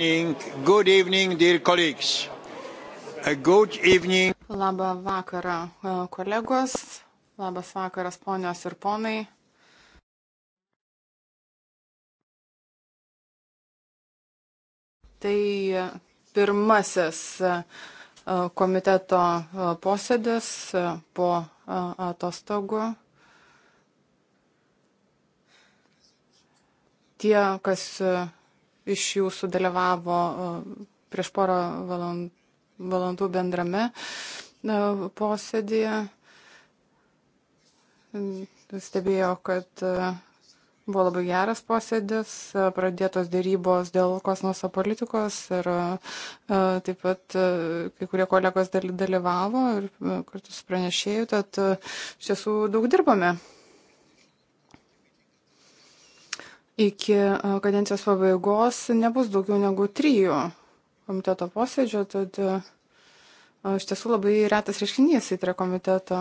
evening, good evening, dear colleagues. A good evening. Labą vakarą, e, kolegos. Labas vakaras, ponios ir ponai. Tai pirmasis e, komiteto e, posėdis po atostogų. Tie, kas iš jūsų dalyvavo e, prieš porą valandų bendrame e, posėdėje. Stebėjo, kad e, buvo labai geras posėdis, pradėtos dėrybos dėl kosmoso politikos ir taip pat kai kurie kolegos dalyvavo ir kartu su pranešėjų, tad iš tiesų daug dirbame. iki e, kadencijos pabaigos nebus daugiau negu trijų komiteto posėdžio, tad e, iš tiesų labai retas reiškinys įtre komiteto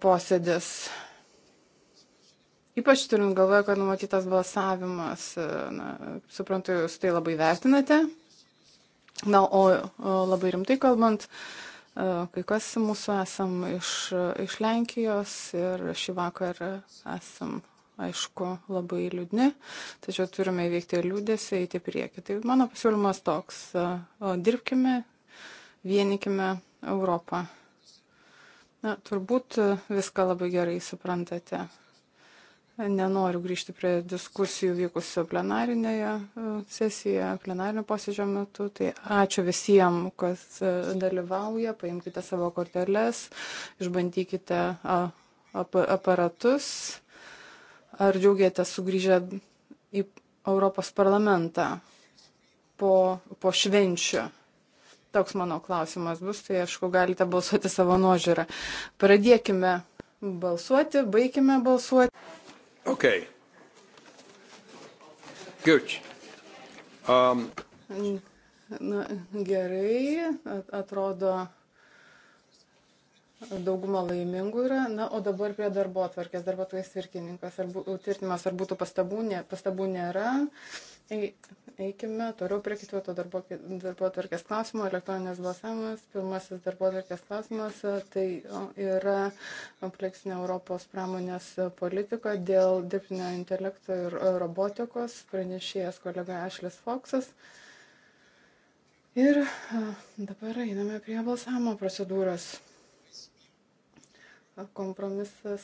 posėdis. Ypač turint galvoje, kad numatytas balsavimas, e, na, suprantu, jūs tai labai vertinate. Na, o, o labai rimtai kalbant, kai kas mūsų esam iš, iš Lenkijos ir šį vakarą esam aišku, labai liūdni, tačiau turime įveikti liūdėsi, eiti prieki. Tai mano pasiūlymas toks e, - dirbkime, vienikime Europą. Na, turbūt e, viską labai gerai suprantate. Nenoriu grįžti prie diskusijų vykusio plenarinėje e, sesijoje, plenarinio posėdžio metu. Tai ačiū visiems, kas dalyvauja. Paimkite savo korteles, išbandykite aparatus. Ar džiaugiatės sugrįžę į Europos parlamentą po, po švenčių? Toks mano klausimas bus, tai aišku, galite balsuoti savo nuožiūrą. Pradėkime balsuoti, baigime balsuoti. Okay. Good. Um. Na, gerai, atrodo, dauguma laimingų yra. Na, o dabar prie darbo atvarkės, darbuotojas tvirtininkas, ar, bū, tvirtinimas, ar būtų pastabų, ne, pastabų nėra. Eikime toliau prie ketvirto darbo, darbo atvarkės klausimo, elektroninės balsavimas. Pirmasis darbo atvarkės klausimas tai yra kompleksinė Europos pramonės politika dėl dirbtinio intelekto ir robotikos, pranešėjas kolega Ašlis Foksas. Ir dabar einame prie balsavimo procedūros kompromisas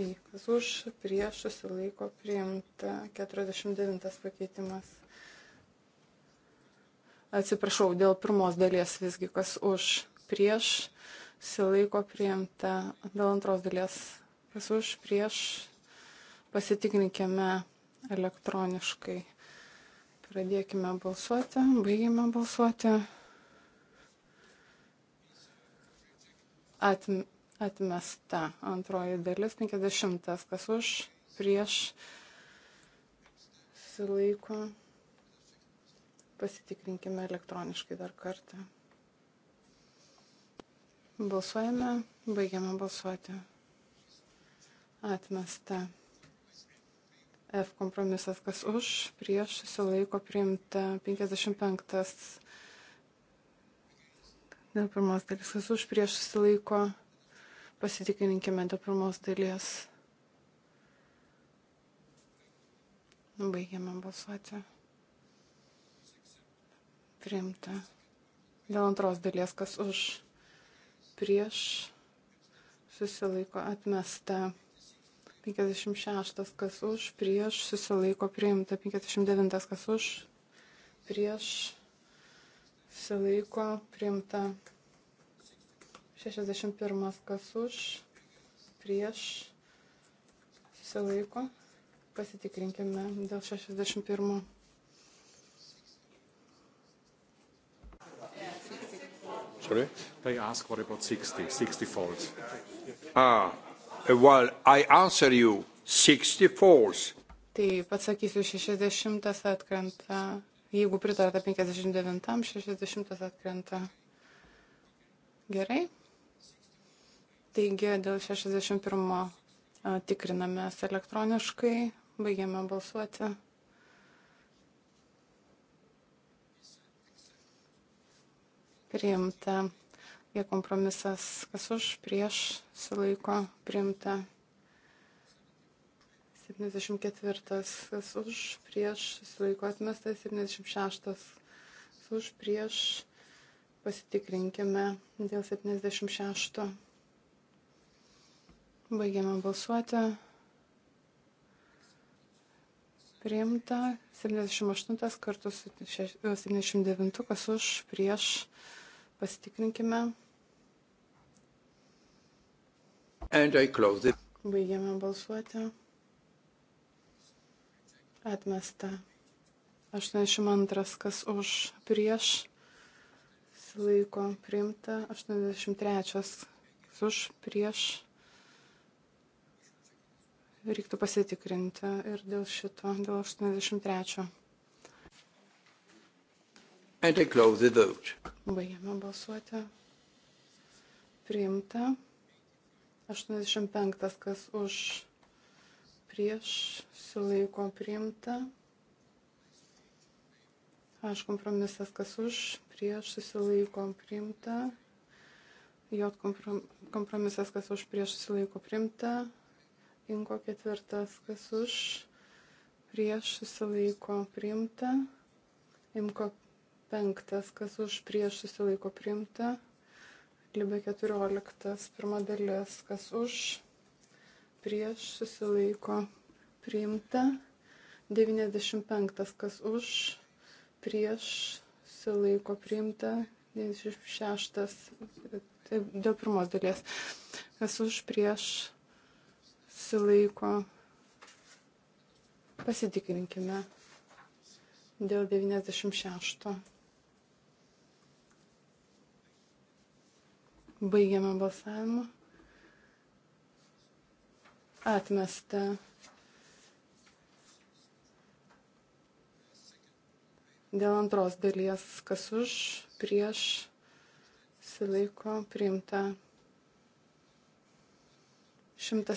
į, kas už, prieš susilaiko priimta, 49 pakeitimas. Atsiprašau, dėl pirmos dalies visgi, kas už, prieš susilaiko priimta, dėl antros dalies, kas už, prieš pasitikrinkime elektroniškai. Pradėkime balsuoti, baigime balsuoti. Atm atmesta. Antroji dalis 50. Kas už prieš susilaiko. Pasitikrinkime elektroniškai dar kartą. Balsuojame, baigiame balsuoti. Atmesta. F kompromisas, kas už, prieš, susilaiko priimta 55. Dėl pirmos dalis, kas už, prieš, susilaiko Pasitikrinkime dėl pirmos dalies. Baigiame balsuoti. Priimta. Dėl antros dalies, kas už prieš susilaiko atmesta. 56, kas už prieš susilaiko priimta. 59, kas už prieš susilaiko priimta. 61 kas už, prieš, susilaiko. Pasitikrinkime dėl 61. Sorry? They ask what about 60, 60 folds. Ah, well, I answer you, 60 folds. Taip, atsakysiu, 60 atkrenta. Jeigu pritarta 59, 60 atkrenta. Gerai. Taigi dėl 61 tikrinamės elektroniškai, baigiame balsuoti. Priimta. Jie kompromisas, kas už, prieš, sulaiko, priimta. 74, kas už, prieš, sulaiko atmestas. 76, kas už, prieš, pasitikrinkime dėl 76. Baigiame balsuoti. Priimta 78 kartu su 79, e, kas už, prieš, pasitikrinkime. Baigiame balsuoti. Atmesta. 82, kas už, prieš, laiko priimta. 83, kas už, prieš, reiktų pasitikrinti ir dėl šito, dėl 83. And I close the vote. Baigiame balsuoti. Priimta. 85. Kas už prieš sulaiko priimta. Aš kompromisas, kas už prieš susilaiko priimta. J kompromisas, kas už prieš susilaiko priimta. Inko ketvirtas, kas už, prieš susilaiko priimta. Imko penktas, kas už, prieš susilaiko priimta. Libė keturioliktas, pirma dalis, kas už, prieš susilaiko priimta. 95, kas už, prieš susilaiko priimta. 96, tai dėl pirmos dalies, kas už, prieš susilaiko. Pasitikrinkime dėl 96. Baigiame balsavimą. Atmesta. Dėl antros dalies, kas už, prieš, silaiko, priimta. 101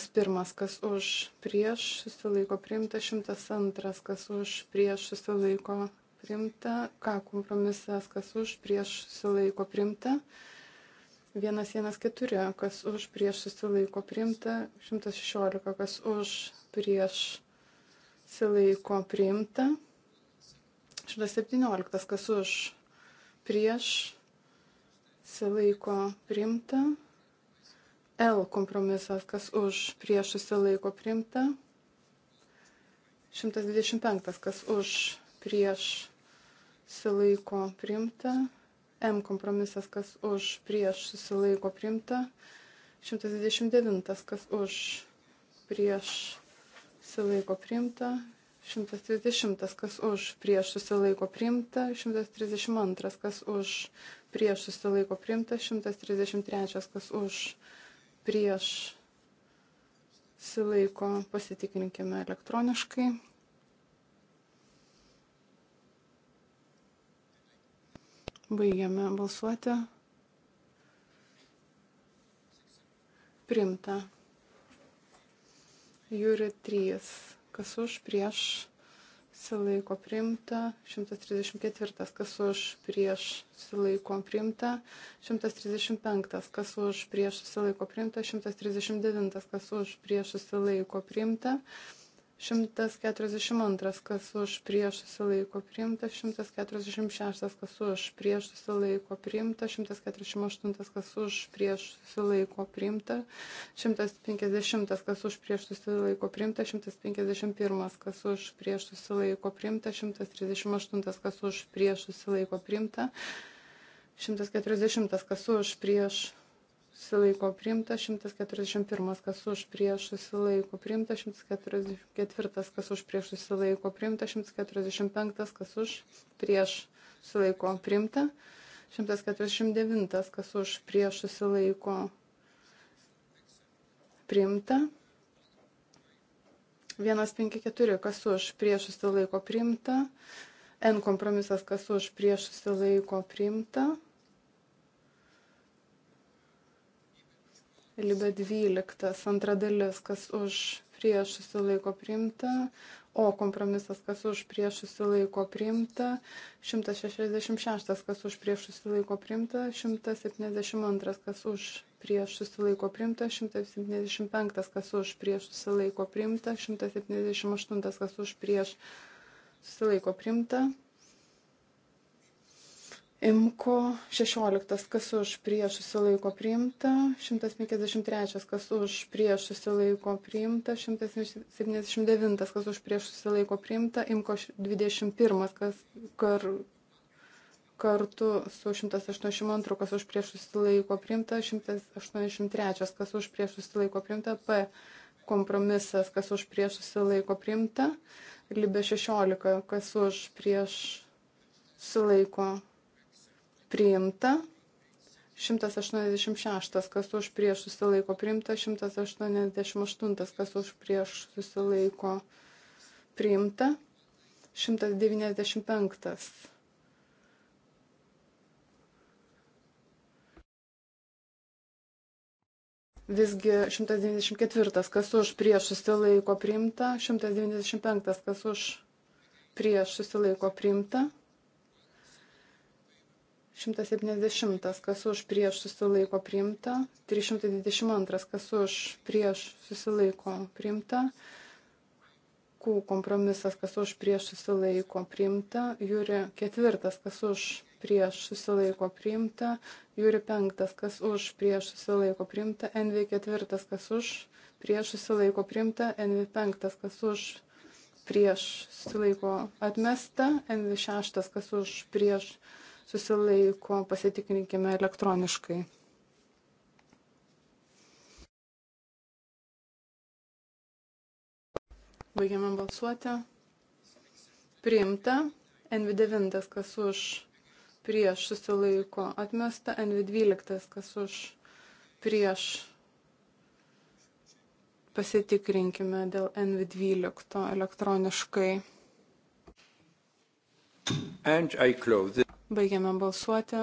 kas už prieš susilaiko priimta, 102 kas už prieš susilaiko priimta, ką kompromisas kas už prieš susilaiko priimta. 114 kas už prieš susilaiko priimta, 116 kas už prieš susilaiko priimta. 117 kas už prieš susilaiko priimta. L kompromisas, kas už prieš susilaiko priimta. 125, kas už prieš susilaiko priimta. M kompromisas, kas už prieš susilaiko priimta. 129, kas už prieš susilaiko priimta. 130, kas už prieš susilaiko priimta, 132, kas už prieš susilaiko priimta, 133, kas už prieš silaiko pasitikrinkime elektroniškai. Baigiame balsuoti. Primta. Jūri 3. Kas už prieš susilaiko primta, 134 kas už prieš susilaiko primta, 135 kas už prieš susilaiko primta, 139 kas už prieš susilaiko primta, 142 kas už prieš susilaiko priimta, 146 kas už prieš susilaiko priimta, 148 kas už prieš susilaiko priimta, 150 kas už prieš susilaiko priimta, 151 kas už prieš susilaiko priimta, 138 kas už prieš susilaiko priimta, 140 kas už prieš susilaiko priimta, 141 kas už prieš susilaiko priimta, 144 kas už prieš susilaiko priimta, 145 kas už prieš susilaiko priimta, 149 kas už prieš susilaiko priimta. 154 kas už prieš susilaiko priimta, N kompromisas kas už prieš susilaiko priimta, Libe 12, antra dalis, kas už prieš susilaiko priimta, o kompromisas, kas už prieš susilaiko priimta, 166, kas už prieš susilaiko priimta, 172, kas už prieš susilaiko priimta, 175, kas už prieš susilaiko priimta, 178, kas už prieš susilaiko priimta. Imko 16, kas už prieš susilaiko priimta, 153, kas už prieš susilaiko priimta, 179, kas už prieš susilaiko priimta, Imko 21, kas kar, kartu su 182, kas už prieš susilaiko priimta, 183, kas už prieš susilaiko priimta, P kompromisas, kas už prieš susilaiko priimta, Libė 16, kas už prieš susilaiko priimta priimta. 186 kas už prieš susilaiko priimta, 188 kas už prieš susilaiko priimta, 195. Visgi 194 kas už prieš susilaiko priimta, 195 kas už prieš susilaiko priimta. 170 kas už prieš susilaiko priimta, 322 kas už prieš susilaiko priimta, Q kompromisas kas už prieš susilaiko priimta, Jūri ketvirtas kas už prieš susilaiko priimta, Jūri penktas kas už prieš susilaiko priimta, NV ketvirtas kas už prieš susilaiko priimta, NV penktas kas už prieš susilaiko atmesta, NV šeštas kas už prieš susilaiko priimta susilaiko, pasitikrinkime elektroniškai. Baigiame balsuoti. Priimta. NV9, kas už, prieš susilaiko. Atmesta. NV12, kas už, prieš pasitikrinkime dėl NV12 elektroniškai. Baigiame balsuoti.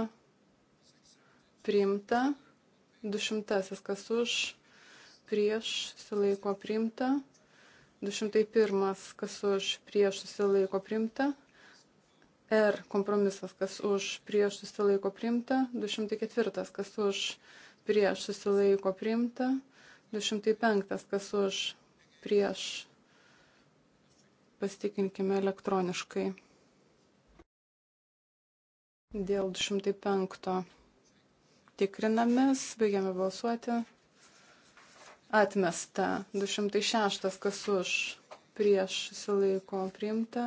Priimta. 200. Kas už? Prieš. Susilaiko priimta. 201. Kas už? Prieš. Susilaiko priimta. R kompromisas, kas už prieš susilaiko primta, 204, kas už prieš susilaiko primta, 205, kas už prieš pasitikinkime elektroniškai. Dėl 205 tikrinamės, baigiame balsuoti. Atmesta 206, kas už, prieš susilaiko priimta.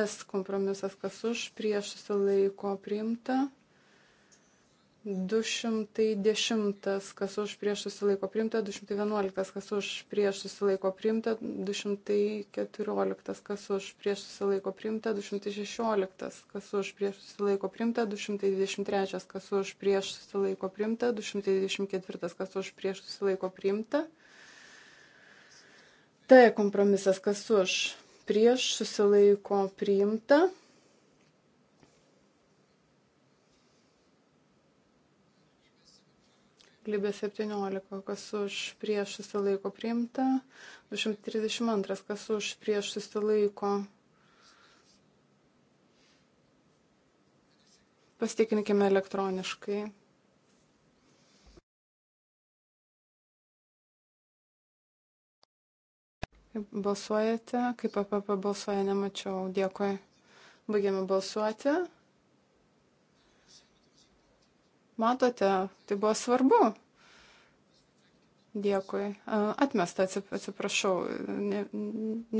S kompromisas, kas už, prieš susilaiko priimta. 210, kas už prieš susilaiko priimta, 211, kas už prieš susilaiko priimta, 214, kas už prieš susilaiko priimta, 216, kas už prieš susilaiko priimta, 223, kas už prieš susilaiko priimta, 224, kas už prieš susilaiko priimta. T kompromisas, kas už prieš susilaiko priimta. Libė 17, kas už prieš susilaiko priimta. 232, kas už prieš susilaiko. Pasitikinkime elektroniškai. Kaip balsuojate, kaip APP balsuoja, nemačiau. Dėkui. Baigėme balsuoti. Matote, tai buvo svarbu. Dėkui. Atmesta, atsiprašau, ne,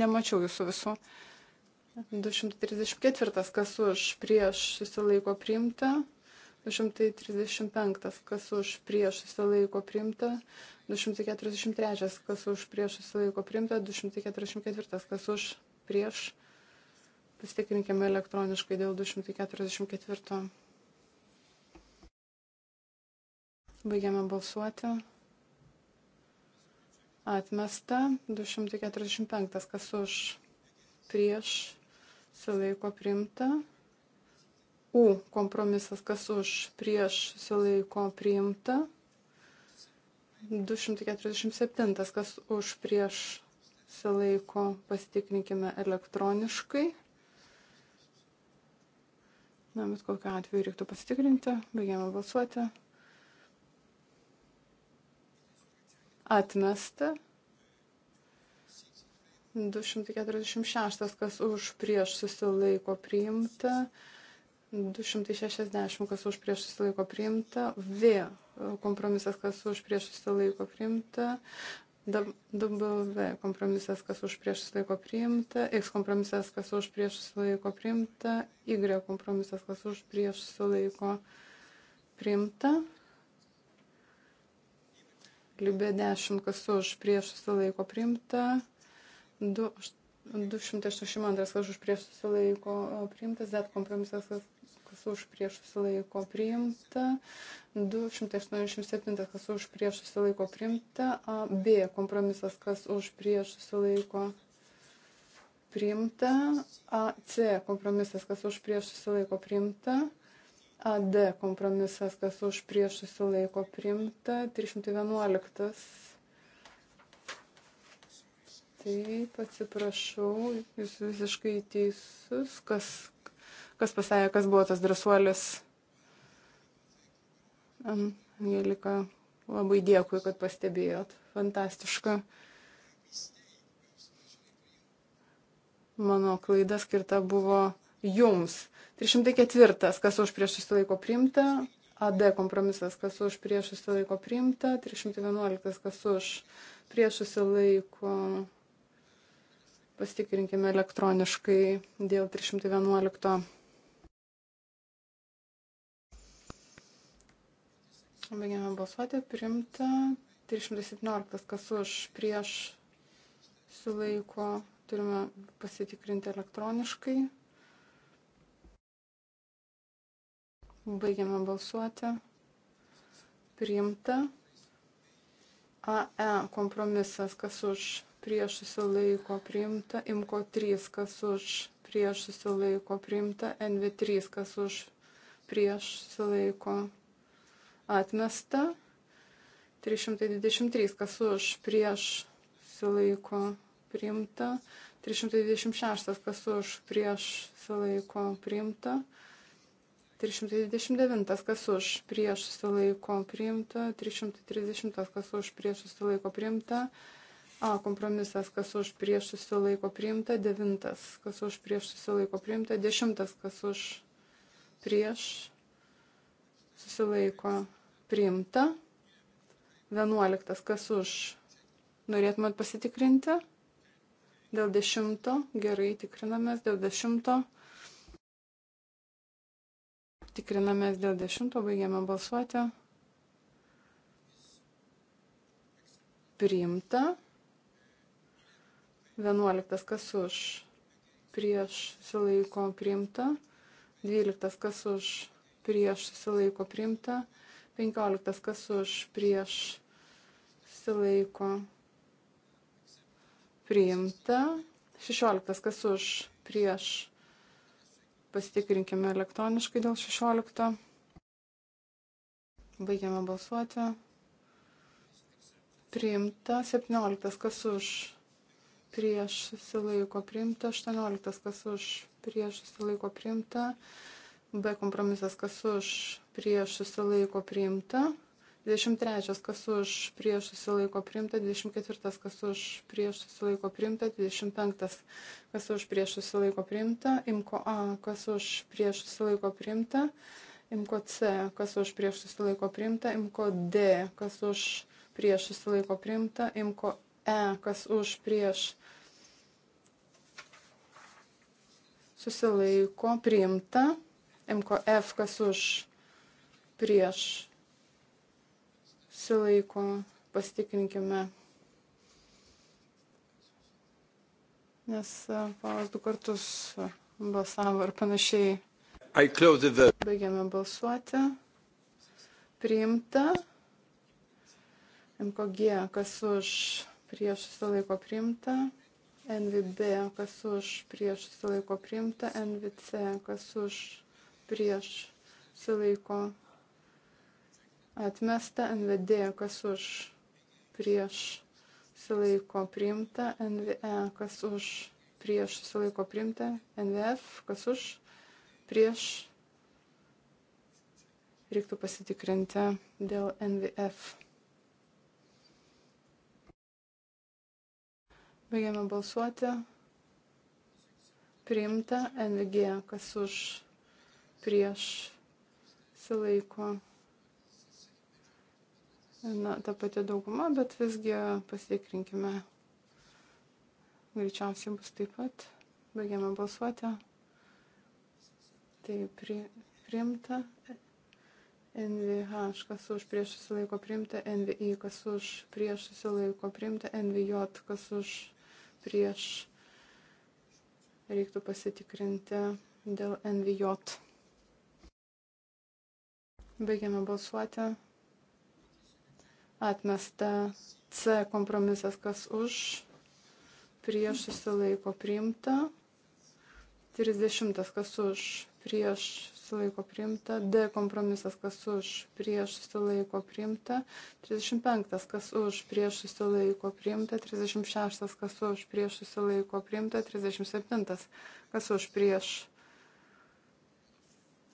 nemačiau jūsų visų. 234, kas už prieš susilaiko priimta. 235, kas už prieš susilaiko priimta, 243, kas už prieš susilaiko priimta, 244, kas už prieš. Pasitikrinkime elektroniškai dėl 244. Baigiame balsuoti. Atmesta 245, kas už prieš susilaiko priimta. U kompromisas, kas už prieš susilaiko priimta. 247, kas už prieš susilaiko, pasitikrinkime elektroniškai. Na, bet kokiu atveju reiktų pasitikrinti, baigėme balsuoti. atmesta. 246, kas už prieš susilaiko priimta. 260, kas už prieš susilaiko priimta. V kompromisas, kas už prieš susilaiko priimta. W kompromisas, kas už prieš susilaiko priimta, X kompromisas, kas už prieš susilaiko priimta, Y kompromisas, kas už prieš susilaiko priimta. Libė 10, kas už prieš susilaiko priimta. 282, kas už prieš susilaiko priimtas. Z kompromisas, kas už prieš susilaiko priimta. 287, kas už prieš susilaiko priimta. B kompromisas, kas už prieš susilaiko priimta priimta, AC kompromisas, kas už prieš susilaiko priimta, AD kompromisas, kas už prieš susilaiko priimta, 311. Taip, atsiprašau, jūs visiškai teisus, kas, kas pasakė, kas buvo tas drasuolis. Angelika, labai dėkui, kad pastebėjot. Fantastiška. Mano klaida skirta buvo jums 304. Kas už prieš susilaiko priimta. AD kompromisas. Kas už prieš susilaiko priimta. 311. Kas už prieš susilaiko. Pasitikrinkime elektroniškai dėl 311. Baigiame balsuoti. Priimta. 317. Kas už prieš sulaiko. Turime pasitikrinti elektroniškai. Baigiame balsuoti. Priimta. AE kompromisas, kas už prieš susilaiko priimta, IMCO 3, kas už prieš susilaiko priimta, NV3, kas už prieš susilaiko atmesta, 323, kas už prieš susilaiko priimta, 326, kas už prieš susilaiko priimta. 329 kas už prieš susilaiko priimta, 330 kas už prieš susilaiko priimta, A kompromisas kas už prieš susilaiko priimta, 9 kas už prieš susilaiko priimta, 10 kas už prieš susilaiko priimta, 11 kas už norėtumėt pasitikrinti, dėl 10 gerai tikrinamės, dėl 10 Tikrinamės dėl dešimto, baigiame balsuoti. Priimta. Vienuoliktas, kas už prieš susilaiko priimta. Dvyliktas, kas už prieš susilaiko priimta. Penkioliktas, kas už prieš susilaiko priimta. Šešioliktas, kas už prieš Pasitikrinkime elektroniškai dėl 16. Baigiame balsuoti. Priimta 17, kas už prieš susilaiko priimta, 18, kas už prieš susilaiko priimta, B kompromisas, kas už prieš susilaiko priimta. 23 kas už prieš susilaiko primta, 24 kas už prieš susilaiko primta, 25 kas už prieš susilaiko primta, imko A kas už prieš susilaiko primta, imko C kas už prieš susilaiko primta, imko D kas už prieš susilaiko primta, imko E kas už prieš susilaiko primta, imko F kas už prieš susilaiko, pasitikrinkime. Nes e, palas du kartus balsavo ir panašiai. Baigiame balsuoti. Priimta. MKG, kas už prieš susilaiko priimta. NVB, kas už prieš susilaiko priimta, NVC, kas už prieš susilaiko atmesta, NVD kas už prieš susilaiko priimta, NVE kas už prieš susilaiko priimta, NVF kas už prieš reiktų pasitikrinti dėl NVF. Baigiame balsuoti. Priimta NVG, kas už prieš silaiko na, ta pati dauguma, bet visgi pasitikrinkime. Greičiausiai bus taip pat. Baigiame balsuoti. Tai pri, priimta. NVH, kas už prieš susilaiko priimta, NVI, kas už prieš susilaiko priimta, NVJ, kas už prieš reiktų pasitikrinti dėl NVJ. Baigiame balsuoti atmesta. C kompromisas, kas už, prieš susilaiko priimta. 30, kas už, prieš susilaiko priimta. D kompromisas, kas už, prieš susilaiko priimta. 35, kas už, prieš susilaiko priimta. 36, kas už, prieš susilaiko priimta. 37, kas už, prieš.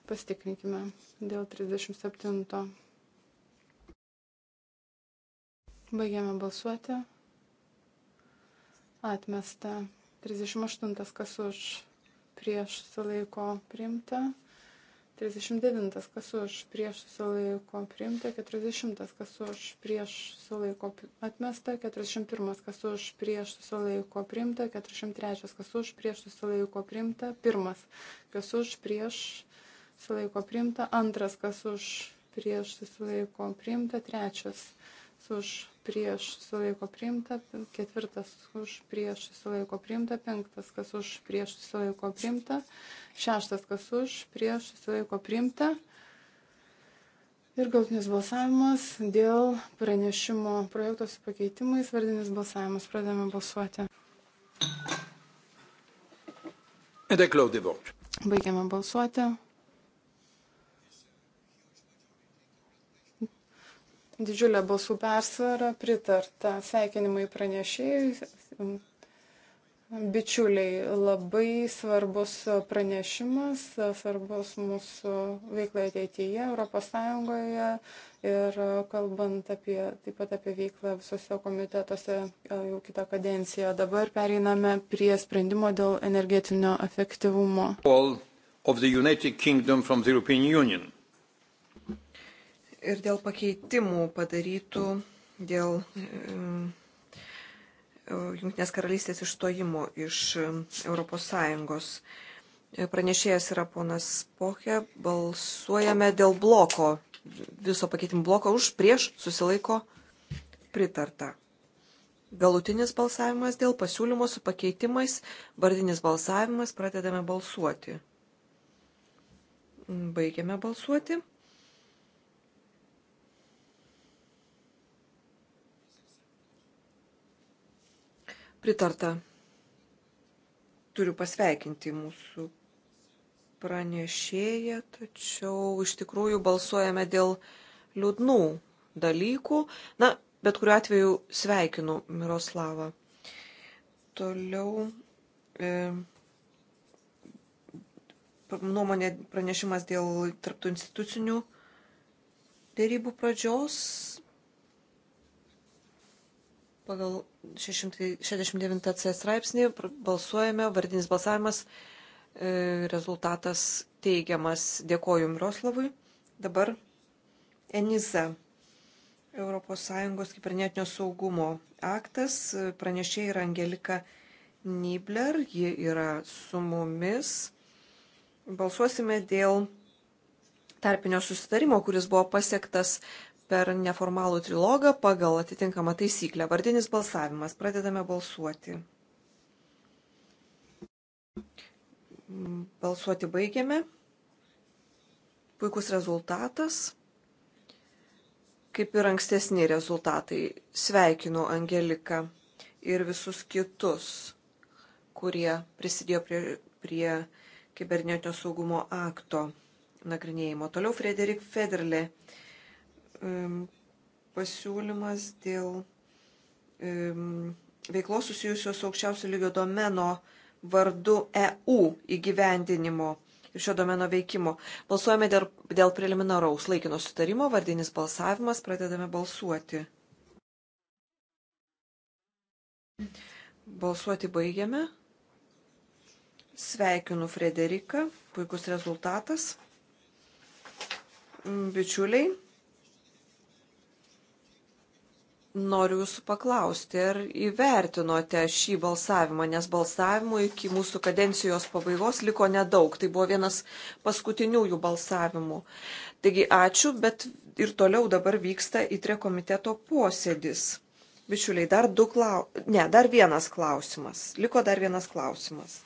Pastikrinkime dėl 37. Baigiame balsuoti. Atmesta. 38. Kas už? Prieš susilaiko priimta. 39. Kas už? Prieš susilaiko priimta. 40. Kas už? Prieš susilaiko atmesta. 41. Kas už? Prieš susilaiko priimta. 43. Kas už? Prieš susilaiko priimta. 1. Kas už? Prieš susilaiko priimta. 2. Kas už? Prieš susilaiko priimta. 3. Kas už? prieš susilaiko priimta, ketvirtas už prieš susilaiko priimta, penktas kas už prieš susilaiko priimta, šeštas kas už prieš susilaiko priimta. Ir galtinis balsavimas dėl pranešimo projekto su pakeitimais, vardinis balsavimas, pradėjome balsuoti. Baigiame balsuoti. didžiulė balsų persvara pritarta. Sveikinimai pranešėjai, bičiuliai, labai svarbus pranešimas, svarbus mūsų veiklai ateityje ES ir kalbant apie, taip pat apie veiklą visose komitetuose e, jau kitą kadenciją. Dabar pereiname prie sprendimo dėl energetinio efektyvumo. All of the United Kingdom from the European Union ir dėl pakeitimų padarytų dėl e, e, Junktinės karalystės išstojimo iš ES. Pranešėjas yra ponas Poche, balsuojame dėl bloko, viso pakeitimų bloko už, prieš, susilaiko, pritarta. Galutinis balsavimas dėl pasiūlymo su pakeitimais, vardinis balsavimas, pradedame balsuoti. Baigiame balsuoti. Pritarta. Turiu pasveikinti mūsų pranešėją, tačiau iš tikrųjų balsuojame dėl liūdnų dalykų. Na, bet kuriu atveju sveikinu Miroslavą. Toliau. E, nuomonė pranešimas dėl tarptų institucinių dėrybų pradžios. Pagal 669c straipsnį balsuojame, vardinis balsavimas, e, rezultatas teigiamas. Dėkoju Miroslavui. Dabar Eniza. ES kibernetinio saugumo aktas. Pranešė yra Angelika Nibler, ji yra su mumis. Balsuosime dėl tarpinio susitarimo, kuris buvo pasiektas per neformalų trilogą pagal atitinkamą taisyklę. Vardinis balsavimas. Pradedame balsuoti. Balsuoti baigiame. Puikus rezultatas. Kaip ir ankstesni rezultatai. Sveikinu Angeliką ir visus kitus, kurie prisidėjo prie, prie kibernetinio saugumo akto nagrinėjimo. Toliau Frederik Federle pasiūlymas dėl veiklos susijusios su aukščiausio lygio domeno vardu EU įgyvendinimo ir šio domeno veikimo. Balsuojame dėl, dėl preliminaraus laikino sutarimo, vardinis balsavimas, pradedame balsuoti. Balsuoti baigiame. Sveikinu Frederiką, puikus rezultatas. Mm, bičiuliai, Noriu jūsų paklausti, ar įvertinote šį balsavimą, nes balsavimų iki mūsų kadencijos pabaigos liko nedaug. Tai buvo vienas paskutinių jų balsavimų. Taigi ačiū, bet ir toliau dabar vyksta įtre komiteto posėdis. Bičiuliai, dar du klausimas. Ne, dar vienas klausimas. Liko dar vienas klausimas.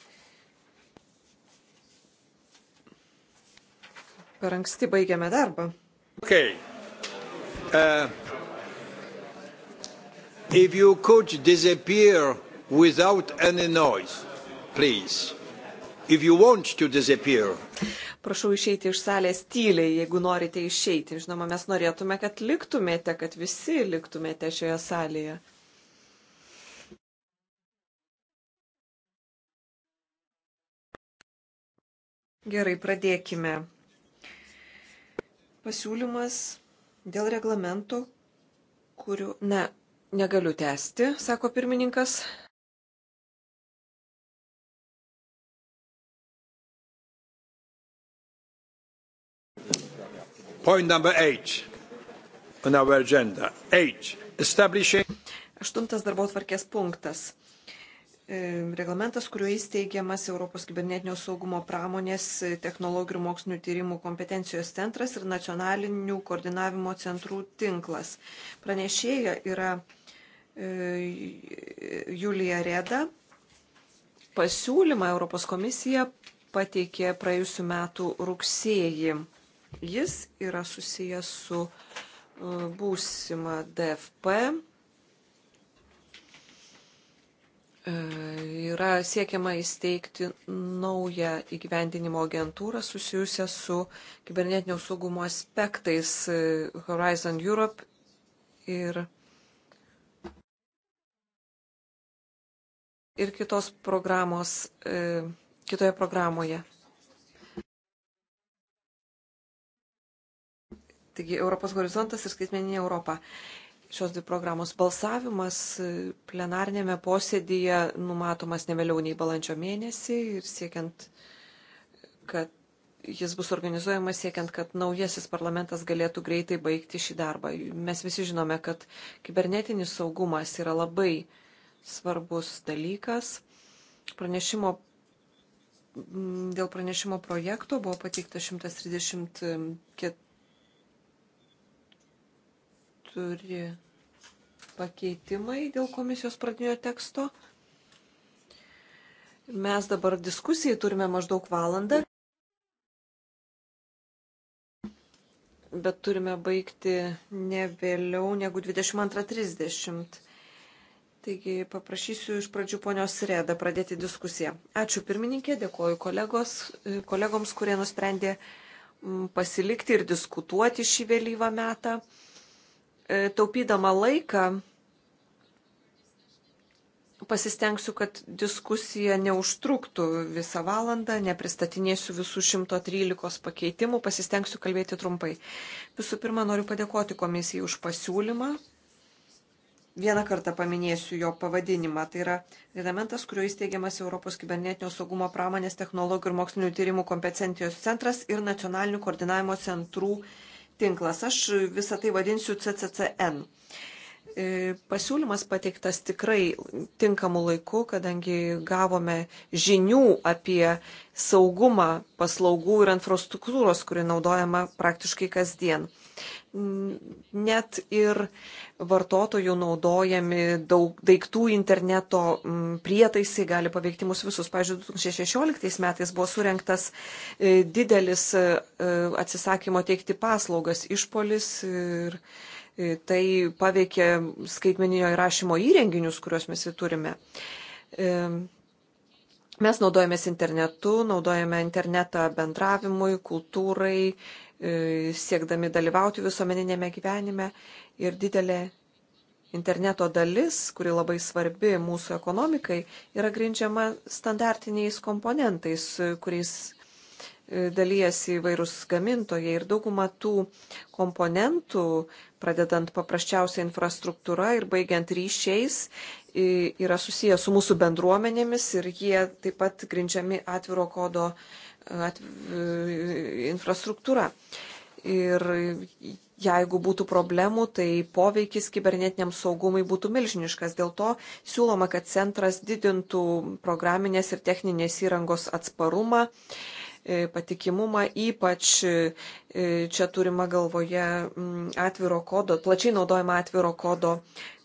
Per anksti baigiame darbą. Okay. Uh if you could disappear without any noise, please. If you want to disappear. Prašau išeiti iš salės tyliai, jeigu norite išeiti. Žinoma, mes norėtume, kad liktumėte, kad visi liktumėte šioje salėje. Gerai, pradėkime. Pasiūlymas dėl reglamento, kuriuo. Ne, Negaliu tęsti, sako pirmininkas. Point number eight on our agenda. Eight. Establishing. Aštuntas darbo tvarkės punktas. E, reglamentas, kuriuo įsteigiamas Europos kibernetinio saugumo pramonės e, technologijų ir mokslinių tyrimų kompetencijos centras ir nacionalinių koordinavimo centrų tinklas. Pranešėja yra E, Julija Reda pasiūlymą Europos komisija pateikė praėjusiu metu rugsėjį. Jis yra susijęs su e, būsima DFP. E, yra siekiama įsteigti naują įgyvendinimo agentūrą susijusią su kibernetinio saugumo aspektais Horizon Europe ir ir kitos programos, e, kitoje programoje. Taigi Europos horizontas ir skaitmeninė Europa. Šios dvi programos balsavimas e, plenarnėme posėdėje numatomas ne vėliau nei balandžio mėnesį ir siekiant, kad jis bus organizuojamas siekiant, kad naujasis parlamentas galėtų greitai baigti šį darbą. Mes visi žinome, kad kibernetinis saugumas yra labai svarbus dalykas. Pranešimo, dėl pranešimo projekto buvo pateikta 134 pakeitimai dėl komisijos pradinio teksto. Mes dabar diskusijai turime maždaug valandą. bet turime baigti ne vėliau negu 22.30. Taigi paprašysiu iš pradžių ponios Reda pradėti diskusiją. Ačiū pirmininkė, dėkoju kolegos, e, kolegoms, kurie nusprendė mm, pasilikti ir diskutuoti šį vėlyvą metą. E, taupydama laiką pasistengsiu, kad diskusija neužtruktų visą valandą, nepristatinėsiu visų 113 pakeitimų, pasistengsiu kalbėti trumpai. Visų pirma, noriu padėkoti komisijai už pasiūlymą vieną kartą paminėsiu jo pavadinimą. Tai yra reglamentas, kuriuo įsteigiamas Europos kibernetinio saugumo pramonės technologijų ir mokslinių tyrimų kompetencijos centras ir nacionalinių koordinavimo centrų tinklas. Aš visą tai vadinsiu CCCN. E, pasiūlymas pateiktas tikrai tinkamu laiku, kadangi gavome žinių apie saugumą paslaugų ir infrastruktūros, kuri naudojama praktiškai kasdien. Net ir vartotojų naudojami daug daiktų interneto prietaisai gali paveikti mus visus. Pavyzdžiui, 2016 metais buvo surinktas e, didelis e, atsisakymo teikti paslaugas išpolis ir E, tai paveikė skaitmeninio įrašymo įrenginius, kuriuos mes jau turime. E, mes naudojamės internetu, naudojame internetą bendravimui, kultūrai, e, siekdami dalyvauti visuomeninėme gyvenime ir didelė interneto dalis, kuri labai svarbi mūsų ekonomikai, yra grindžiama standartiniais komponentais, kuriais dalyjasi įvairūs gamintojai ir dauguma tų komponentų pradedant paprasčiausia infrastruktūra ir baigiant ryšiais, yra susijęs su mūsų bendruomenėmis ir jie taip pat grindžiami atviro kodo atv... infrastruktūra. Ir jeigu būtų problemų, tai poveikis kibernetiniam saugumui būtų milžiniškas. Dėl to siūloma, kad centras didintų programinės ir techninės įrangos atsparumą, uh, E, patikimumą, ypač e, e, čia turima galvoje atviro kodo, plačiai naudojama atviro kodo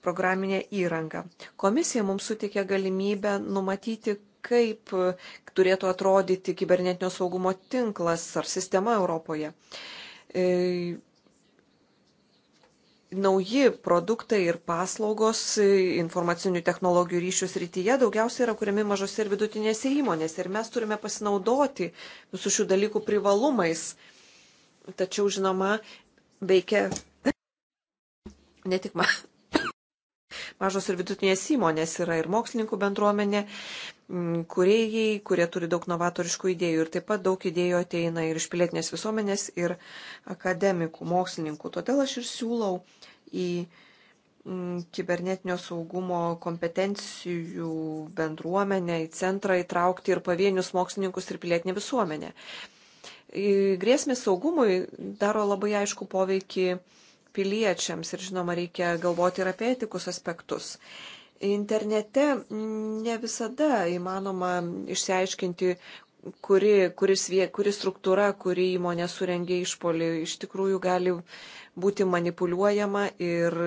programinė įranga. Komisija mums sutikė galimybę numatyti, kaip turėtų atrodyti kibernetinio saugumo tinklas ar sistema Europoje nauji produktai ir paslaugos informacinių technologijų ryšių srityje daugiausiai yra kuriami mažose ir vidutinėse įmonėse. Ir mes turime pasinaudoti visų šių dalykų privalumais. Tačiau, žinoma, veikia ne tik man, mažos ir vidutinės įmonės, yra ir mokslininkų bendruomenė, kuriejai, kurie turi daug novatoriškų idėjų ir taip pat daug idėjų ateina ir iš pilietinės visuomenės, ir akademikų, mokslininkų. Todėl aš ir siūlau į kibernetinio saugumo kompetencijų bendruomenę, į centrą įtraukti ir pavienius mokslininkus ir pilietinę visuomenę. Grėsmės saugumui daro labai aišku poveikį piliečiams ir, žinoma, reikia galvoti ir apie etikus aspektus. Internete ne visada įmanoma išsiaiškinti, kuri, kuris, kuri struktūra, kuri įmonė surengė išpolį, iš tikrųjų gali būti manipuliuojama ir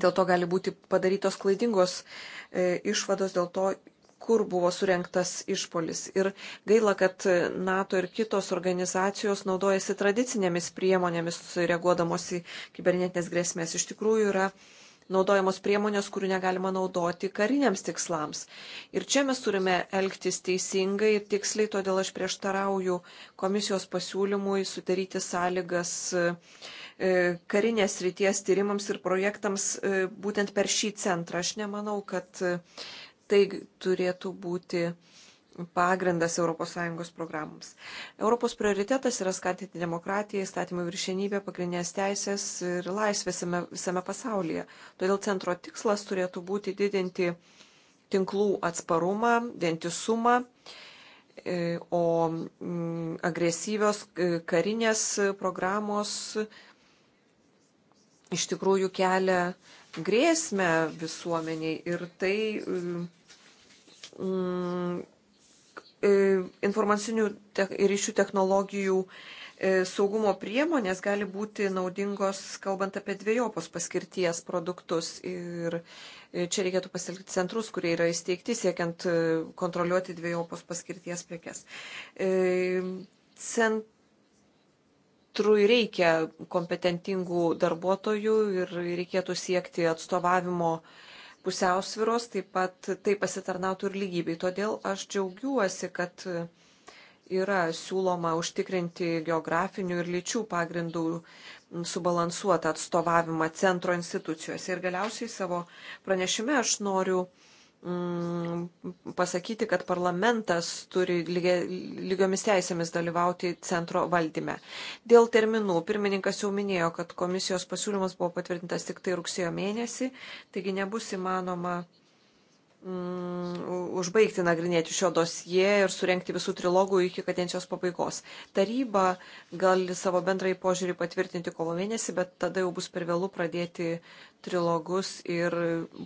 dėl to gali būti padarytos klaidingos e, išvados, dėl to kur buvo surinktas išpolis. Ir gaila, kad NATO ir kitos organizacijos naudojasi tradicinėmis priemonėmis, reaguodamos į kibernetinės grėsmės. Iš tikrųjų yra naudojamos priemonės, kurių negalima naudoti kariniams tikslams. Ir čia mes turime elgtis teisingai ir tiksliai, todėl aš prieštarauju komisijos pasiūlymui sudaryti sąlygas e, karinės ryties tyrimams ir projektams e, būtent per šį centrą. Aš nemanau, kad e, tai turėtų būti pagrindas ES programoms. Europos prioritetas yra skatinti demokratiją, įstatymų viršenybę, pagrindinės teisės ir laisvės visame pasaulyje. Todėl centro tikslas turėtų būti didinti tinklų atsparumą, vientisumą, e, o mm, agresyvios e, karinės programos iš tikrųjų kelia grėsmę visuomeniai ir tai e, Mm, e, informacinių ir ryšių technologijų e, saugumo priemonės gali būti naudingos, kalbant apie dviejopos paskirties produktus. Ir e, čia reikėtų pasitelkti centrus, kurie yra įsteigti, siekiant kontroliuoti dviejopos paskirties prekes. Centrui reikia kompetentingų darbuotojų ir reikėtų siekti atstovavimo uh, pusiausviros, taip pat tai pasitarnautų ir lygybei. Todėl aš džiaugiuosi, kad yra siūloma užtikrinti geografinių ir lyčių pagrindų subalansuotą atstovavimą centro institucijose. Ir galiausiai savo pranešime aš noriu Mm, pasakyti, kad parlamentas turi lygia, lygiomis teisėmis dalyvauti centro valdyme. Dėl terminų, pirmininkas jau minėjo, kad komisijos pasiūlymas buvo patvirtintas tik tai rugsėjo mėnesį, taigi nebus įmanoma Mm, užbaigti nagrinėti šio dosie ir surenkti visų trilogų iki kadencijos pabaigos. Taryba gali savo bendrai požiūrį patvirtinti kovo mėnesį, bet tada jau bus per vėlų pradėti trilogus ir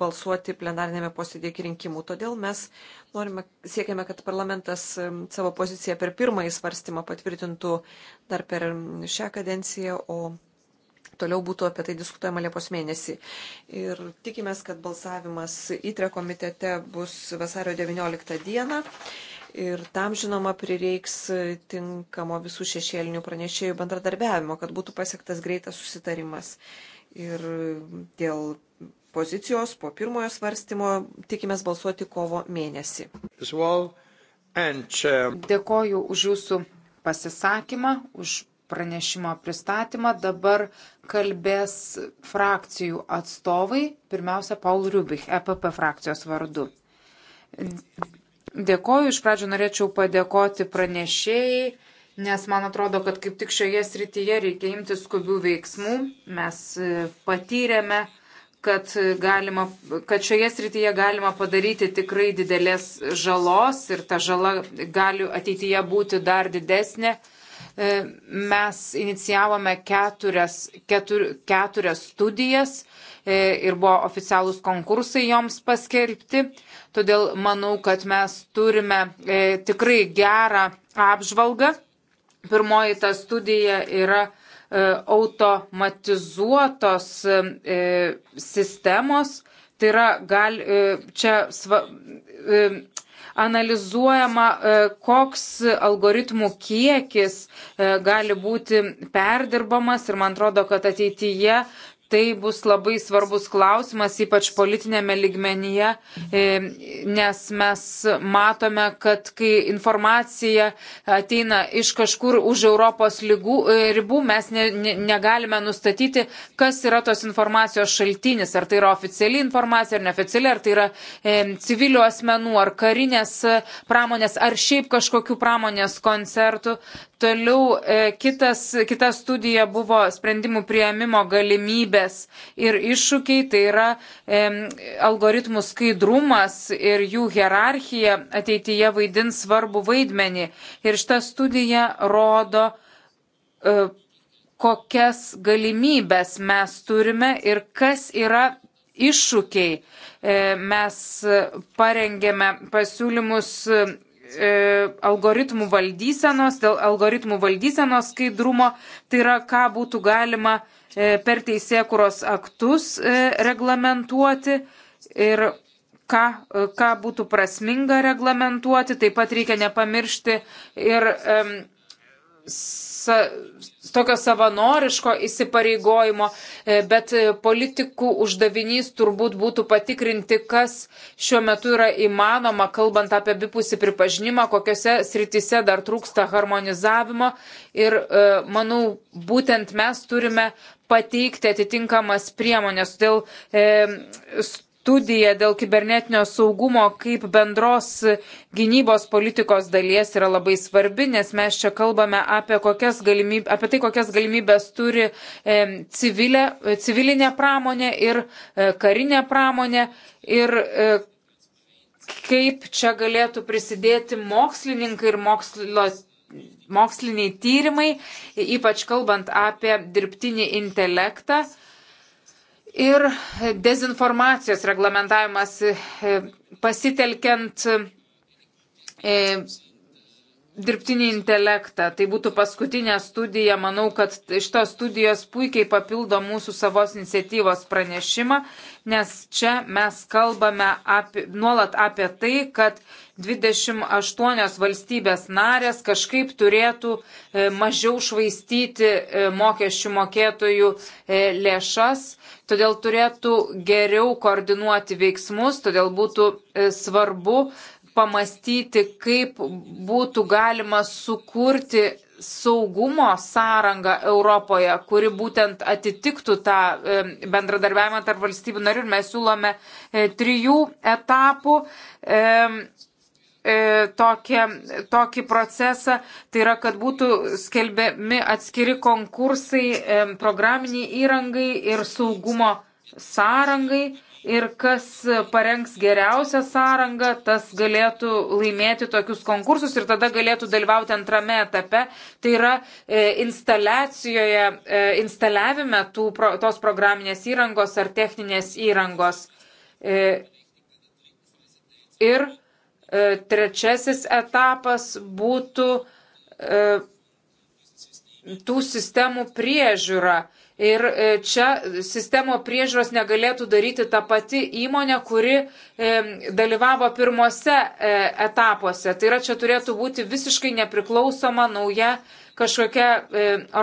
balsuoti plenarinėme posėdėje iki rinkimų. Todėl mes norime, siekiame, kad parlamentas mm, savo poziciją per pirmąjį svarstymą patvirtintų dar per mm, šią kadenciją, o toliau būtų apie tai diskutuojama Liepos mėnesį. Ir tikimės, kad balsavimas įtre komitete bus vasario 19 dieną. Ir tam, žinoma, prireiks tinkamo visų šešėlinių pranešėjų bendradarbiavimo, kad būtų pasiektas greitas susitarimas. Ir dėl pozicijos po pirmojo svarstymo tikimės balsuoti kovo mėnesį. Uh, Dėkoju už jūsų pasisakymą, už pranešimo pristatymą. Dabar kalbės frakcijų atstovai, pirmiausia, Paul Rubich, EPP frakcijos vardu. Dėkoju, iš pradžio norėčiau padėkoti pranešėjai, nes man atrodo, kad kaip tik šioje srityje reikia imti skubių veiksmų. Mes e, patyrėme, kad, galima, kad šioje srityje galima padaryti tikrai didelės žalos ir ta žala gali ateityje būti dar didesnė. E, mes inicijavome keturias, ketur, keturias studijas e, ir buvo oficialūs konkursai joms paskelbti. Todėl manau, kad mes turime e, tikrai gerą apžvalgą. Pirmoji ta studija yra automatizuotos sistemos. Tai yra, gal, čia sva, analizuojama, e, koks algoritmų kiekis e, gali būti perdirbamas ir man atrodo, kad ateityje tai bus labai svarbus klausimas, ypač politinėme ligmenyje, e, nes mes matome, kad kai informacija ateina iš kažkur už Europos lygų, e, ribų, mes ne, ne, negalime nustatyti, kas yra tos informacijos šaltinis, ar tai yra oficiali informacija, ar neoficiali, ar tai yra e, civilių asmenų, ar karinės pramonės, ar šiaip kažkokių pramonės koncertų. Toliau e, kitas, kita studija buvo sprendimų prieimimo galimybės ir iššūkiai, tai yra e, algoritmų skaidrumas ir jų hierarchija ateityje vaidins svarbu vaidmenį. Ir šita studija rodo, e, kokias galimybės mes turime ir kas yra iššūkiai. E, mes parengėme pasiūlymus E, algoritmų valdysenos, dėl algoritmų valdysenos skaidrumo, tai yra, ką būtų galima e, per teisėkuros aktus e, reglamentuoti ir ką, ką būtų prasminga reglamentuoti. Taip pat reikia nepamiršti ir sa, tokio savanoriško įsipareigojimo, e, bet e, politikų uždavinys turbūt būtų patikrinti, kas šiuo metu yra įmanoma, kalbant apie abipusį pripažinimą, kokiuose srityse dar trūksta harmonizavimo. Ir e, manau, būtent mes turime pateikti atitinkamas priemonės. Todėl e, studija dėl kibernetinio saugumo kaip bendros gynybos politikos dalies yra labai svarbi, nes mes čia kalbame apie, galimybė, apie tai, kokias galimybės turi e, civilė, civilinė pramonė ir e, karinė pramonė. Ir, e, kaip čia galėtų prisidėti mokslininkai ir mokslos moksliniai tyrimai, ypač kalbant apie dirbtinį intelektą ir dezinformacijos reglamentavimas e, pasitelkiant e, dirbtinį intelektą. Tai būtų paskutinė studija. Manau, kad šitos studijos puikiai papildo mūsų savos iniciatyvos pranešimą nes čia mes kalbame apie, nuolat apie tai, kad 28 valstybės narės kažkaip turėtų e, mažiau švaistyti e, mokesčių mokėtojų e, lėšas, todėl turėtų geriau koordinuoti veiksmus, todėl būtų svarbu pamastyti, kaip būtų galima sukurti saugumo sąrangą Europoje, kuri būtent atitiktų tą e, bendradarbiavimą tarp valstybių narių ir mes siūlome e, trijų etapų e, tokią, tokį procesą, tai yra, kad būtų skelbiami atskiri konkursai programiniai įrangai ir saugumo sąrangai ir kas parengs geriausią sąrangą, tas galėtų laimėti tokius konkursus ir tada galėtų dalyvauti antrame etape. Tai yra e, instaliacijoje, e, instaliavime tų, tos programinės įrangos ar techninės įrangos. E, ir trečiasis etapas būtų tų sistemų priežiūra Ir e, čia sistemo priežiūros negalėtų daryti ta pati įmonė, kuri e, dalyvavo pirmose e, etapuose. Tai yra, čia turėtų būti visiškai nepriklausoma nauja kažkokia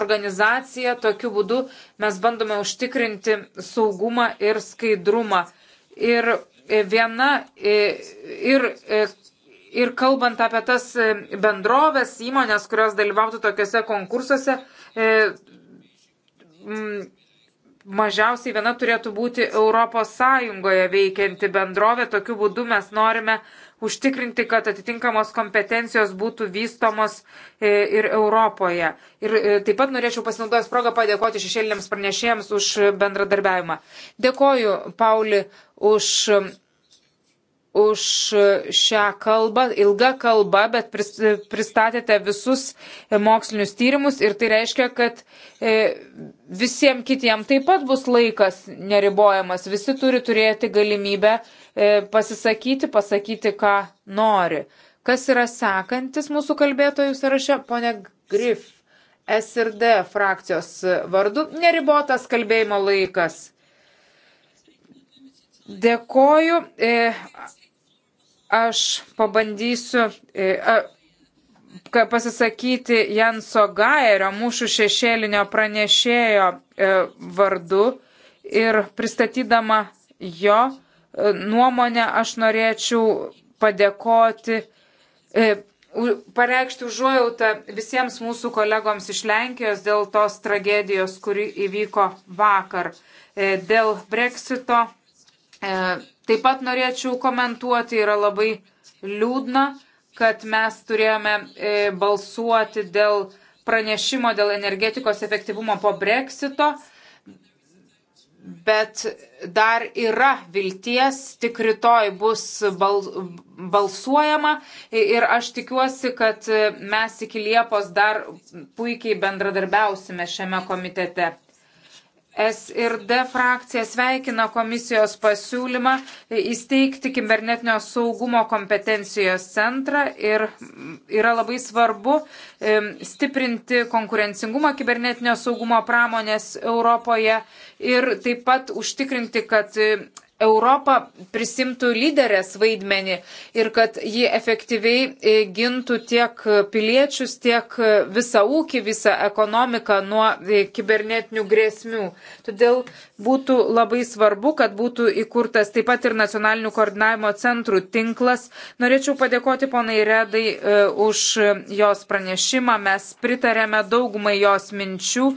organizacija. Tokiu būdu mes bandome užtikrinti saugumą ir skaidrumą. Ir viena ir ir kalbant apie tas bendrovės, įmonės, kurios dalyvautų tokiuose konkursuose, mm, mažiausiai viena turėtų būti ES veikianti bendrovė. Tokiu būdu mes norime užtikrinti, kad atitinkamos kompetencijos būtų vystomos e, ir Europoje. Ir e, taip pat norėčiau pasinaudojęs progą padėkoti šešėliniams pranešėjams už bendradarbiavimą. Dėkoju, Pauli, už už šią kalbą. Ilga kalba, bet pristatėte visus e, mokslinius tyrimus ir tai reiškia, kad e, visiems kitiems taip pat bus laikas neribojamas. Visi turi turėti galimybę e, pasisakyti, pasakyti, ką nori. Kas yra sekantis mūsų kalbėtojų sąraše? Pone Grif, SRD frakcijos vardu. Neribotas kalbėjimo laikas. Dėkoju. Aš pabandysiu e, pasisakyti Janso Gaerio, mūsų šešėlinio pranešėjo e, vardu ir pristatydama jo e, nuomonę aš norėčiau padėkoti, pareikšti užuojautą visiems mūsų kolegoms iš Lenkijos dėl tos tragedijos, kuri įvyko vakar, dėl breksito Taip pat norėčiau komentuoti, yra labai liūdna, kad mes turėjome e, balsuoti dėl pranešimo dėl energetikos efektyvumo po breksito, bet dar yra vilties, tik rytoj bus bal, balsuojama ir aš tikiuosi, kad mes iki Liepos dar puikiai bendradarbiausime šiame komitete. S ir D frakcija sveikina komisijos pasiūlymą įsteigti kibernetinio saugumo kompetencijos centrą ir yra labai svarbu stiprinti konkurencingumą kibernetinio saugumo pramonės Europoje ir taip pat užtikrinti, kad Europa prisimtų lyderės vaidmenį ir kad ji efektyviai e, gintų tiek piliečius, tiek visą ūkį, visą ekonomiką nuo e, kibernetinių grėsmių. Todėl būtų labai svarbu, kad būtų įkurtas taip pat ir nacionalinių koordinavimo centrų tinklas. Norėčiau padėkoti ponai Redai e, už jos pranešimą. Mes pritarėme daugumai jos minčių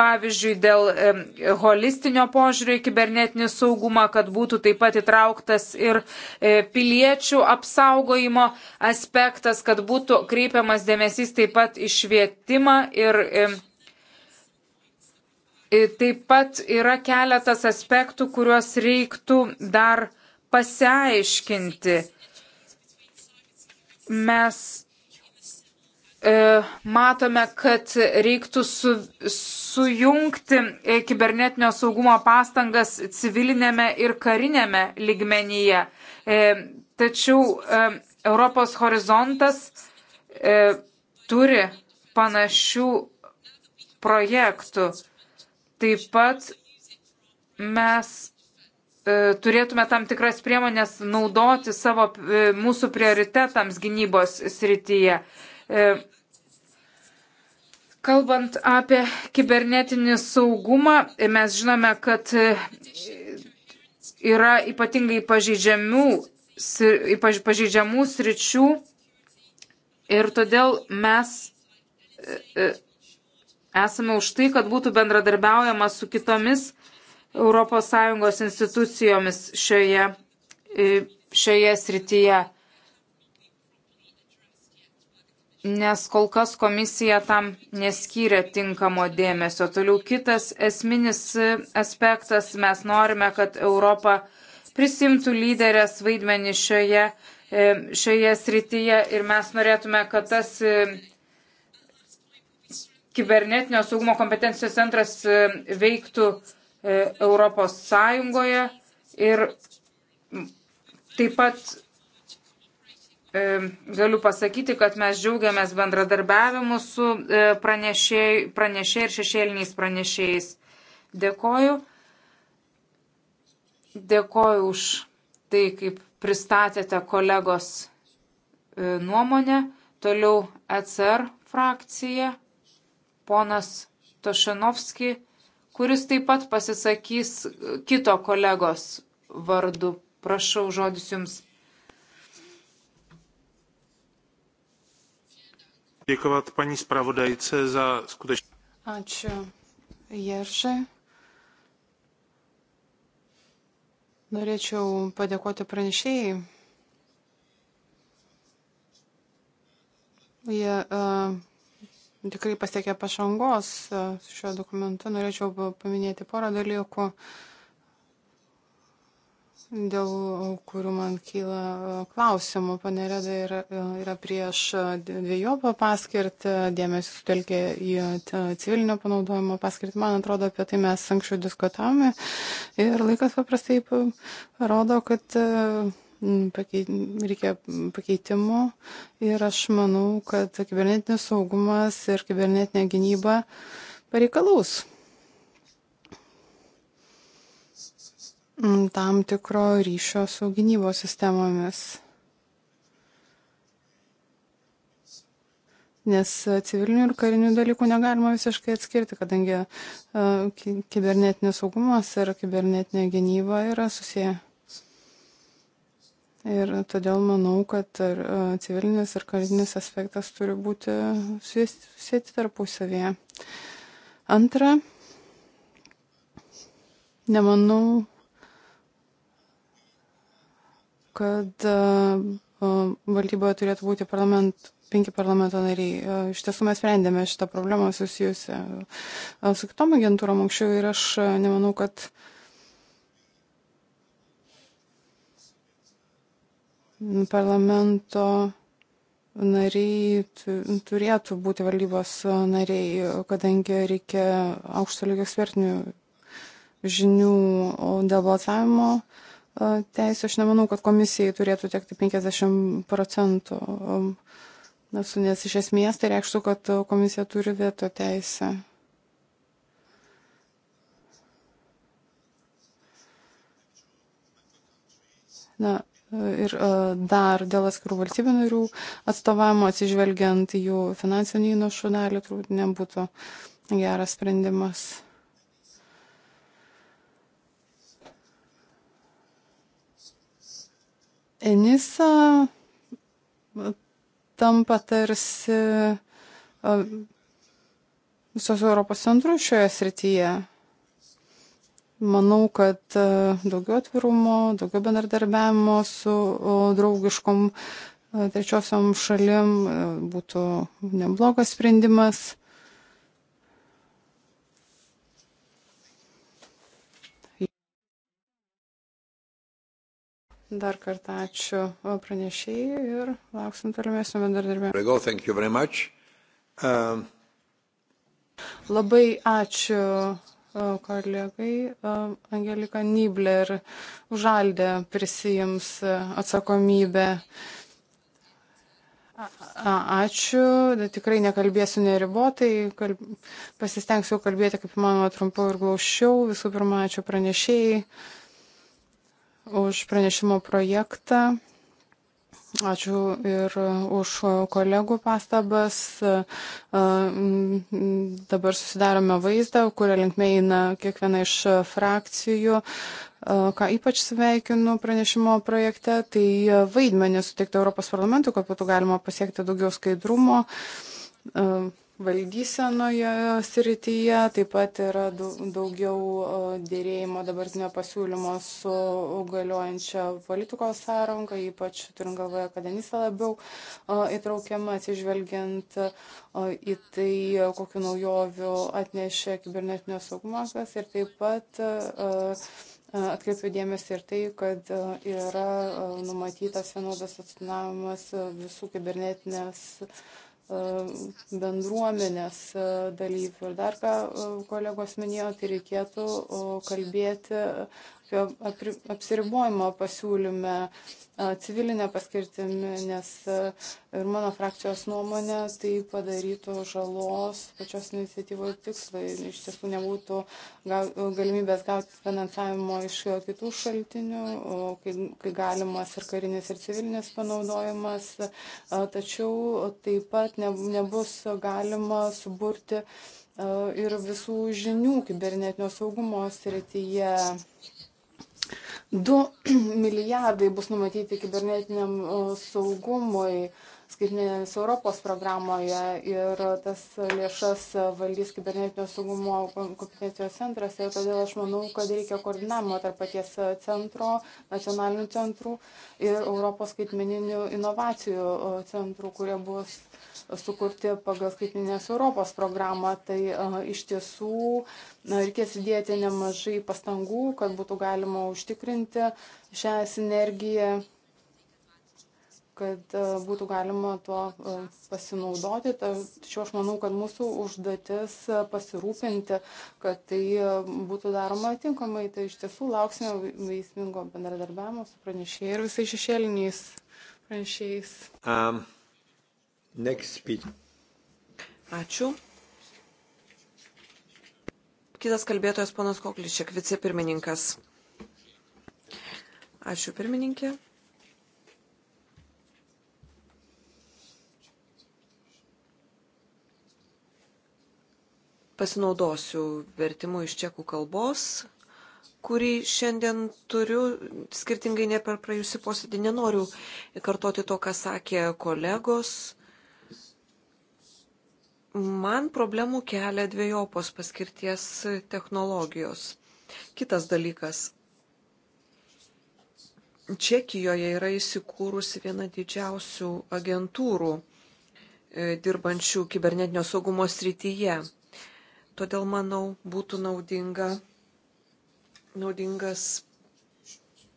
pavyzdžiui, dėl holistinio požiūrio į kibernetinį saugumą, kad būtų taip pat įtrauktas ir e, piliečių apsaugojimo aspektas, kad būtų kreipiamas dėmesys taip pat išvietimą ir Taip pat yra keletas aspektų, kuriuos reiktų dar pasiaiškinti. Mes E, matome, kad reiktų su, sujungti e, kibernetinio saugumo pastangas civilinėme ir karinėme ligmenyje. E, tačiau Europos horizontas turi panašių projektų. Taip pat mes turėtume tam tikras priemonės naudoti savo mūsų prioritetams gynybos srityje. E, kalbant apie kibernetinį saugumą, e, mes žinome, kad e, yra ypatingai pažeidžiamų, pažeidžiamų sričių ir todėl mes esame už tai, kad būtų bendradarbiaujama su kitomis ES institucijomis šioje, šioje srityje nes kol kas komisija tam neskyrė tinkamo dėmesio. Toliau kitas esminis aspektas, mes norime, kad Europa prisimtų lyderės vaidmenį šioje, e, šioje srityje ir mes norėtume, kad tas e, kibernetinio saugumo kompetencijos centras e, veiktų Europos Sąjungoje ir taip pat E, galiu pasakyti, kad mes džiaugiamės bendradarbiavimu su e, pranešėjai pranešė ir šešėliniais pranešėjais. Dėkoju. Dėkoju už tai, kaip pristatėte kolegos e, nuomonę. Toliau ECR frakcija, ponas Tošinovski, kuris taip pat pasisakys kito kolegos vardu. Prašau, žodis jums. poděkovat paní zpravodajce za skutečně. Ačiū, Jerži. Norėčiau padėkoti pranešėjai. Jie uh, tikrai pasiekė pažangos uh, šiuo dokumentu. Norėčiau paminėti porą dalykų. Uh, dėl kurių man kyla e, klausimų. Panereda yra, e, yra prieš e, dviejopą paskirtį, dėmesį sutelkė į civilinio panaudojimo paskirtį. Man atrodo, apie tai mes anksčiau diskutavome ir laikas paprastai rodo, kad pakei, reikia pakeitimų ir aš manau, kad kibernetinis saugumas ir kibernetinė gynyba pareikalaus tam tikro ryšio su gynybos sistemomis. Nes e, civilinių ir karinių dalykų negalima visiškai atskirti, kadangi uh, e, kibernetinės saugumas ir kibernetinė gynyba yra susiję. Ir todėl manau, kad ir, uh, civilinis ir karinis aspektas turi būti susijęti tarpusavėje. Antra, nemanau, kad e, valdyboje turėtų būti parlament, penki parlamento nariai. E, iš tiesų mes sprendėme šitą problemą susijusią e, su kitom agentūrom anksčiau ir aš nemanau, kad parlamento nariai turėtų būti valdybos nariai, kadangi reikia aukšto lygio ekspertinių žinių dėl balsavimo. Uh, teisų. Aš nemanau, kad komisijai turėtų tekti 50 procentų. Nes iš esmės tai reikštų, kad komisija turi veto teisę. Na, ir dar dėl atskirų valstybių narių atstovavimo atsižvelgiant jų finansinį įnašų dalį turbūt nebūtų geras sprendimas. Enisa tampa tarsi visos Europos centru šioje srityje. Manau, kad daugiau atvirumo, daugiau bendradarbiavimo su draugiškom trečiosiom šalim būtų neblogas sprendimas. Dar kartą ačiū pranešėjai ir lauksim tolimesnio bendradarbiavimo. Um... Labai ačiū uh, kolegai uh, Angelika Nibler užaldė prisijims uh, atsakomybę. A, a, ačiū, tikrai nekalbėsiu neribotai, kalb... pasistengsiu kalbėti kaip manoma trumpiau ir glaušiau. Visų pirma, ačiū pranešėjai už pranešimo projektą. Ačiū ir už kolegų pastabas. Dabar susidarome vaizdą, kurio linkme eina kiekviena iš frakcijų. Ką ypač sveikinu pranešimo projekte, tai vaidmenį suteikti Europos parlamentui, kad būtų galima pasiekti daugiau skaidrumo valdysenoje srityje, taip pat yra daugiau dėrėjimo dabartinio pasiūlymo su galiojančia politikos sąranga, ypač turint galvoje, kad Anisa labiau įtraukiama atsižvelgiant į tai, kokiu naujoviu atnešė kibernetinio saugumas ir taip pat atkreipiu dėmesį ir tai, kad yra numatytas vienodas atstovavimas visų kibernetinės E, bendruomenės e, dalyvių. Ir dar ką e, kolegos minėjo, tai reikėtų kalbėti apri, apsiribojimo pasiūlyme civilinė paskirtimi, nes ir mano frakcijos nuomonė tai padarytų žalos pačios iniciatyvos tikslai. Iš tiesų nebūtų galimybės gauti finansavimo iš kitų šaltinių, kai, kai galimas ir karinis, ir civilinis panaudojimas, tačiau taip pat ne, nebus galima suburti ir visų žinių kibernetinio saugumo srityje. 2 milijardai bus numatyti kibernetiniam saugumui skaitmeninės Europos programoje ir tas lėšas valdys kibernetinio saugumo kompetencijos centras ir todėl aš manau, kad reikia koordinavimo tarp paties centro, nacionalinių centrų ir Europos skaitmeninių inovacijų centrų, kurie bus sukurti pagal skaitinės Europos programą. Tai iš tiesų reikės įdėti nemažai pastangų, kad būtų galima užtikrinti šią sinergiją kad būtų galima tuo pasinaudoti. Tačiau aš manau, kad mūsų užduotis pasirūpinti, kad tai būtų daroma tinkamai. Tai iš tiesų lauksime veiksmingo bendradarbiavimo su pranešėjai ir visais šešėliniais pranešėjais. Um. Next speaker. Ačiū. Kitas kalbėtojas ponas Kokličiak, vicepirmininkas. Ačiū pirmininkė. Pasinaudosiu vertimu iš čekų kalbos, kurį šiandien turiu, skirtingai ne per praėjusi posėdį, nenoriu kartoti to, ką sakė kolegos Man problemų kelia dviejopos paskirties technologijos. Kitas dalykas. Čekijoje yra įsikūrusi viena didžiausių agentūrų e, dirbančių kibernetinio saugumo srityje. Todėl, manau, būtų naudinga, naudingas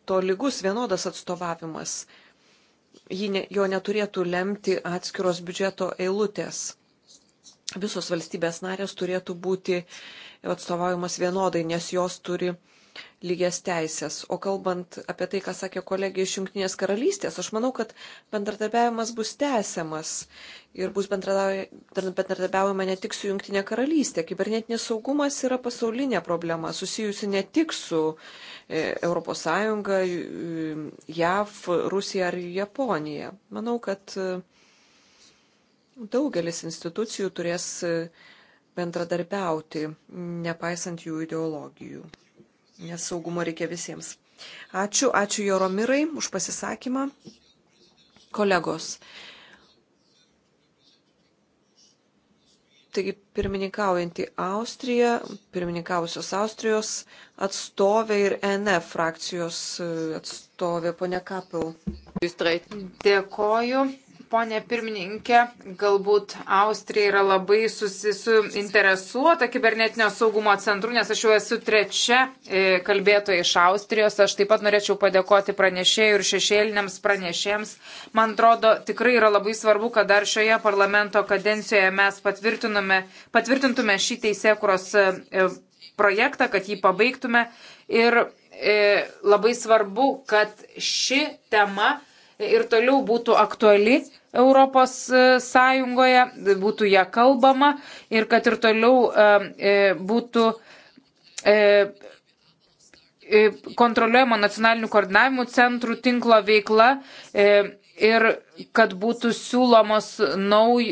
to lygus vienodas atstovavimas. Ji ne, jo neturėtų lemti atskiros biudžeto eilutės visos valstybės narės turėtų būti atstovaujamos vienodai, nes jos turi lygias teisės. O kalbant apie tai, ką sakė kolegė iš Junktinės karalystės, aš manau, kad bendradarbiavimas bus tęsiamas ir bus bendradarbiaujama ne tik su Junktinė karalystė. Kibernetinis saugumas yra pasaulinė problema, susijusi ne tik su ES, JAV, Rusija ar Japonija. Manau, kad e, Daugelis institucijų turės e, bendradarbiauti, nepaisant jų ideologijų. Nes saugumo reikia visiems. Ačiū, ačiū Joromirai už pasisakymą. Kolegos. Taigi pirmininkaujantį Austriją, pirmininkavusios Austrijos atstovė ir NF frakcijos e, atstovė, ponia Kapil. Dėkoju. Pone pirmininkė, galbūt Austrija yra labai suinteresuota kibernetinio saugumo centru, nes aš jau esu trečia e, kalbėtoja iš Austrijos. Aš taip pat norėčiau padėkoti pranešėjų ir šešėliniams pranešėjams. Man atrodo, tikrai yra labai svarbu, kad dar šioje parlamento kadencijoje mes patvirtintume šį teisėkuros e, projektą, kad jį pabaigtume. Ir e, labai svarbu, kad ši tema ir toliau būtų aktuali Europos e, Sąjungoje, būtų ją kalbama ir kad ir toliau e, e, būtų kontroliuojama nacionalinių koordinavimų centrų tinklo veikla ir kad būtų, nauj,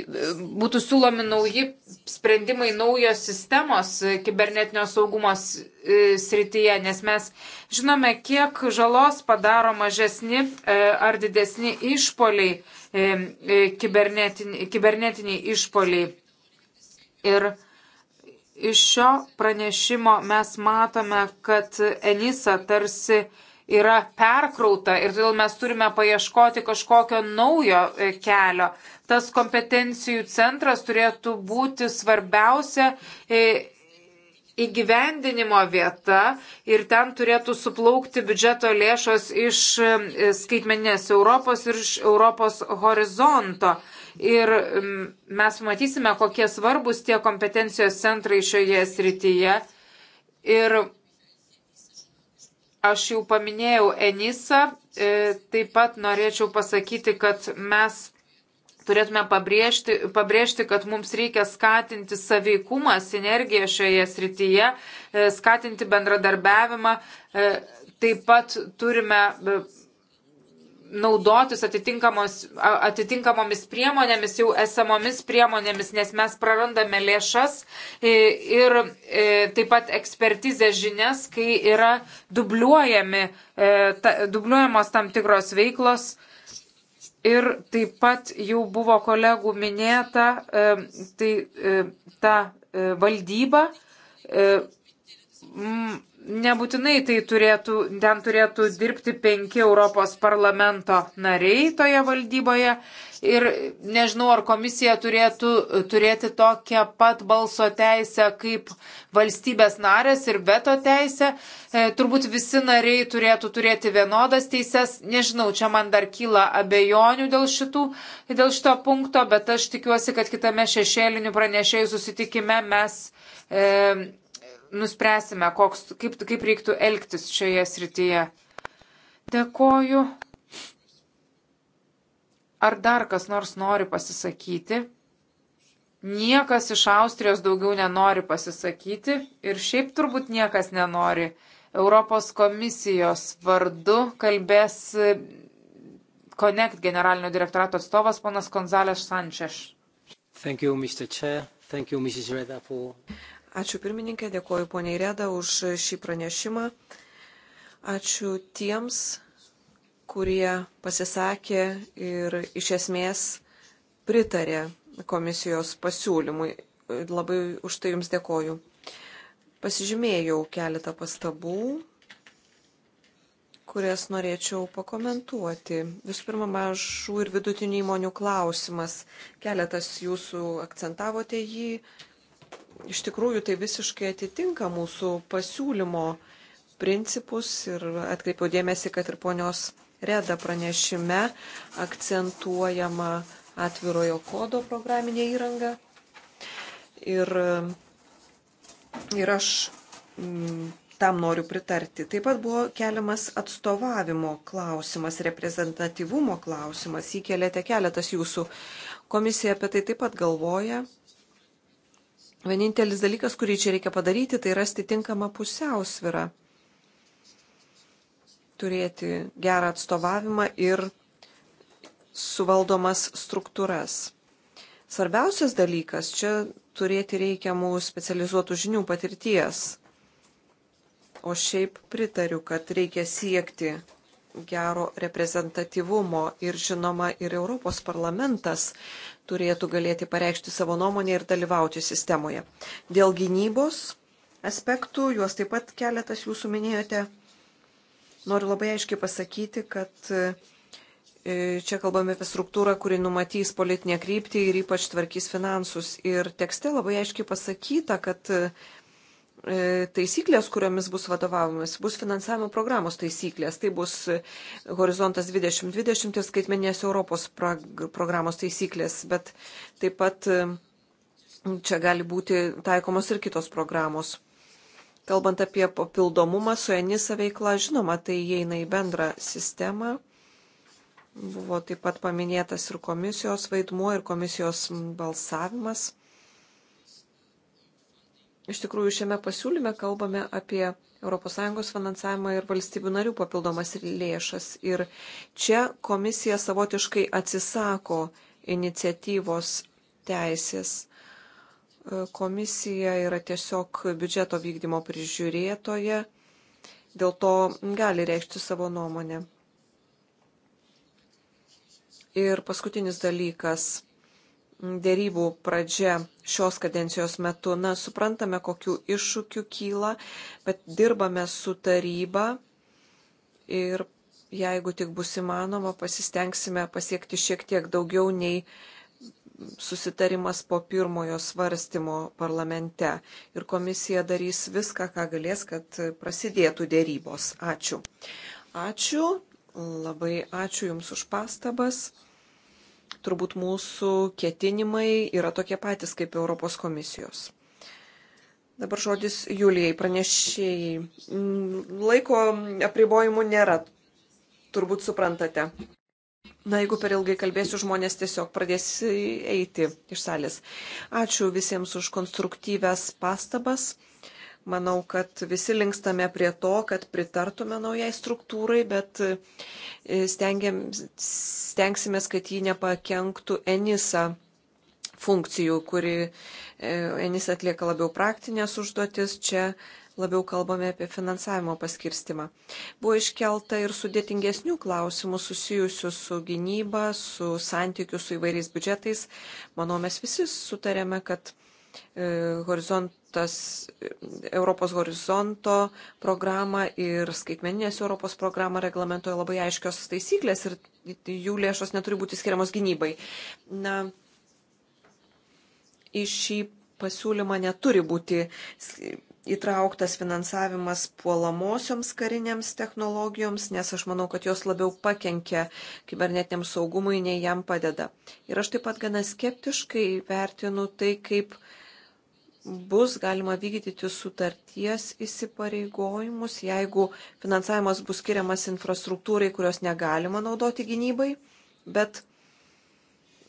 būtų siūlomi nauji sprendimai naujos sistemos kibernetinio saugumo srityje, nes mes žinome, kiek žalos padaro mažesni ar didesni išpoliai E, e, kibernetiniai, kibernetiniai išpoliai. Ir iš šio pranešimo mes matome, kad Enisa tarsi yra perkrauta ir todėl mes turime paieškoti kažkokio naujo e, kelio. Tas kompetencijų centras turėtų būti svarbiausia įgyvendinimo vieta ir ten turėtų suplaukti biudžeto lėšos iš e, skaitmeninės Europos ir iš Europos horizonto. Ir mes matysime, kokie svarbus tie kompetencijos centrai šioje srityje. Ir aš jau paminėjau Enisa, e, taip pat norėčiau pasakyti, kad mes turėtume pabrėžti, pabrėžti, kad mums reikia skatinti saveikumą, sinergiją šioje srityje, e, skatinti bendradarbiavimą. E, taip pat turime e, naudotis atitinkamomis priemonėmis, jau esamomis priemonėmis, nes mes prarandame lėšas ir taip pat ekspertizės žinias, kai yra dubliuojami, dubliuojamos tam tikros veiklos. Ir taip pat jau buvo kolegų minėta, e, tai e, ta e, valdyba nebūtinai tai turėtų, ten turėtų dirbti penki Europos parlamento nariai toje valdyboje ir nežinau, ar komisija turėtų turėti tokią pat balso teisę kaip valstybės narės ir veto teisę. E, turbūt visi nariai turėtų turėti vienodas teises. Nežinau, čia man dar kyla abejonių dėl, šitų, dėl šito punkto, bet aš tikiuosi, kad kitame šešėlinių pranešėjų susitikime mes. E, Nuspręsime, koks, kaip, kaip reiktų elgtis šioje srityje. Dėkoju. Ar dar kas nors nori pasisakyti? Niekas iš Austrijos daugiau nenori pasisakyti ir šiaip turbūt niekas nenori. Europos komisijos vardu kalbės e, Connect generalinio direktorato atstovas ponas Gonzales Sančeš. Thank you, Mr. Chair. Thank you, Mrs. Reda, for... Ačiū pirmininkė, dėkoju poniai Reda už šį pranešimą. Ačiū tiems kurie pasisakė ir iš esmės pritarė komisijos pasiūlymui. Labai už tai Jums dėkoju. Pasižymėjau keletą pastabų, kurias norėčiau pakomentuoti. Visų pirma, mažų ir vidutinių įmonių klausimas. Keletas Jūsų akcentavote jį. Iš tikrųjų, tai visiškai atitinka mūsų pasiūlymo principus ir atkreipiau dėmesį, kad ir ponios Reda pranešime akcentuojama atvirojo kodo programinė įranga. Ir, ir aš m, mm, tam noriu pritarti. Taip pat buvo keliamas atstovavimo klausimas, reprezentatyvumo klausimas. Jį keliate keletas jūsų. Komisija apie tai taip pat galvoja. Vienintelis dalykas, kurį čia reikia padaryti, tai rasti tinkamą pusiausvirą turėti gerą atstovavimą ir suvaldomas struktūras. Svarbiausias dalykas čia turėti reikiamų specializuotų žinių patirties. O šiaip pritariu, kad reikia siekti gero reprezentatyvumo ir žinoma ir Europos parlamentas turėtų galėti pareikšti savo nuomonę ir dalyvauti sistemoje. Dėl gynybos aspektų, juos taip pat keletas jūsų minėjote, Noriu labai aiškiai pasakyti, kad e, čia kalbame apie struktūrą, kuri numatys politinę kryptį ir ypač tvarkys finansus. Ir tekste labai aiškiai pasakyta, kad e, taisyklės, kuriomis bus vadovavimas, bus finansavimo programos taisyklės. Tai bus e, Horizontas 2020 ir skaitmenės Europos programos taisyklės, bet taip pat čia gali būti taikomos ir kitos programos. Kalbant apie papildomumą su Enisa veikla, žinoma, tai įeina į bendrą sistemą. Buvo taip pat paminėtas ir komisijos vaidmuo, ir komisijos balsavimas. Iš tikrųjų, šiame pasiūlyme kalbame apie ES finansavimą ir valstybių narių papildomas lėšas. Ir čia komisija savotiškai atsisako iniciatyvos teisės Komisija yra tiesiog biudžeto vykdymo prižiūrėtoje, dėl to gali reikšti savo nuomonę. Ir paskutinis dalykas dėrybų pradžia šios kadencijos metu. Na, suprantame, kokiu iššūkiu kyla, bet dirbame su taryba ir jeigu tik bus įmanoma, pasistengsime pasiekti šiek tiek daugiau nei susitarimas po pirmojo svarstymo parlamente. Ir komisija darys viską, ką galės, kad prasidėtų dėrybos. Ačiū. Ačiū. Labai ačiū Jums už pastabas. Turbūt mūsų ketinimai yra tokie patys kaip Europos komisijos. Dabar žodis Julijai pranešėjai. Mm, laiko apribojimų nėra, turbūt suprantate. Na, jeigu per ilgai kalbėsiu, žmonės tiesiog pradės eiti iš salės. Ačiū visiems už konstruktyves pastabas. Manau, kad visi linkstame prie to, kad pritartume naujai struktūrai, bet e, stengiam, stengsimės, kad ji nepakenktų Enisa funkcijų, kuri e, Enis atlieka labiau praktinės užduotis. Čia labiau kalbame apie finansavimo paskirstimą. Buvo iškelta ir sudėtingesnių klausimų susijusių su gynyba, su santykiu su įvairiais biudžetais. Manau, mes visi sutarėme, kad e, horizontas, Europos horizonto programą ir skaitmeninės Europos programą reglamentoja labai aiškios taisyklės ir jų lėšos neturi būti skiriamos gynybai. Na, į šį pasiūlymą neturi būti įtrauktas finansavimas puolamosioms karinėms technologijoms, nes aš manau, kad jos labiau pakenkia kibernetiniam saugumui, nei jam padeda. Ir aš taip pat gana skeptiškai vertinu tai, kaip bus galima vykdyti sutarties įsipareigojimus, jeigu finansavimas bus skiriamas infrastruktūrai, kurios negalima naudoti gynybai, bet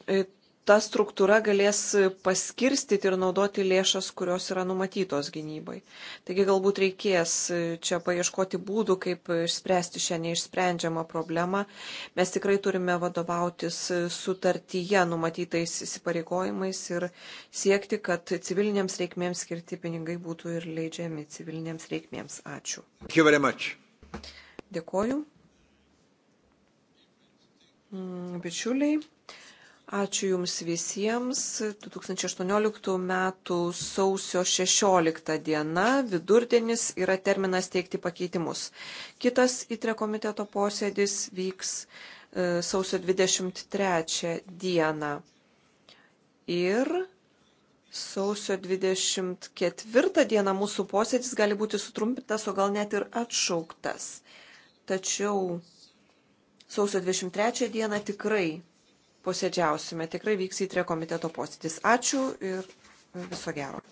e, ta struktūra galės paskirstyti ir naudoti lėšas, kurios yra numatytos gynybai. Taigi galbūt reikės e, čia paieškoti būdų, kaip išspręsti šią neišsprendžiamą problemą. Mes tikrai turime vadovautis e, sutartyje numatytais įsipareigojimais ir siekti, kad civilinėms reikmėms skirti pinigai būtų ir leidžiami civilinėms reikmėms. Ačiū. Dėkoju. Mm, bičiuliai. Ačiū Jums visiems. 2018 m. sausio 16 diena vidurdienis yra terminas teikti pakeitimus. Kitas įtre komiteto posėdis vyks e, sausio 23 dieną. Ir sausio 24 dieną mūsų posėdis gali būti sutrumpintas, o gal net ir atšauktas. Tačiau sausio 23 dieną tikrai posėdžiausime. Tikrai vyks įtrė komiteto posėdis. Ačiū ir viso gero.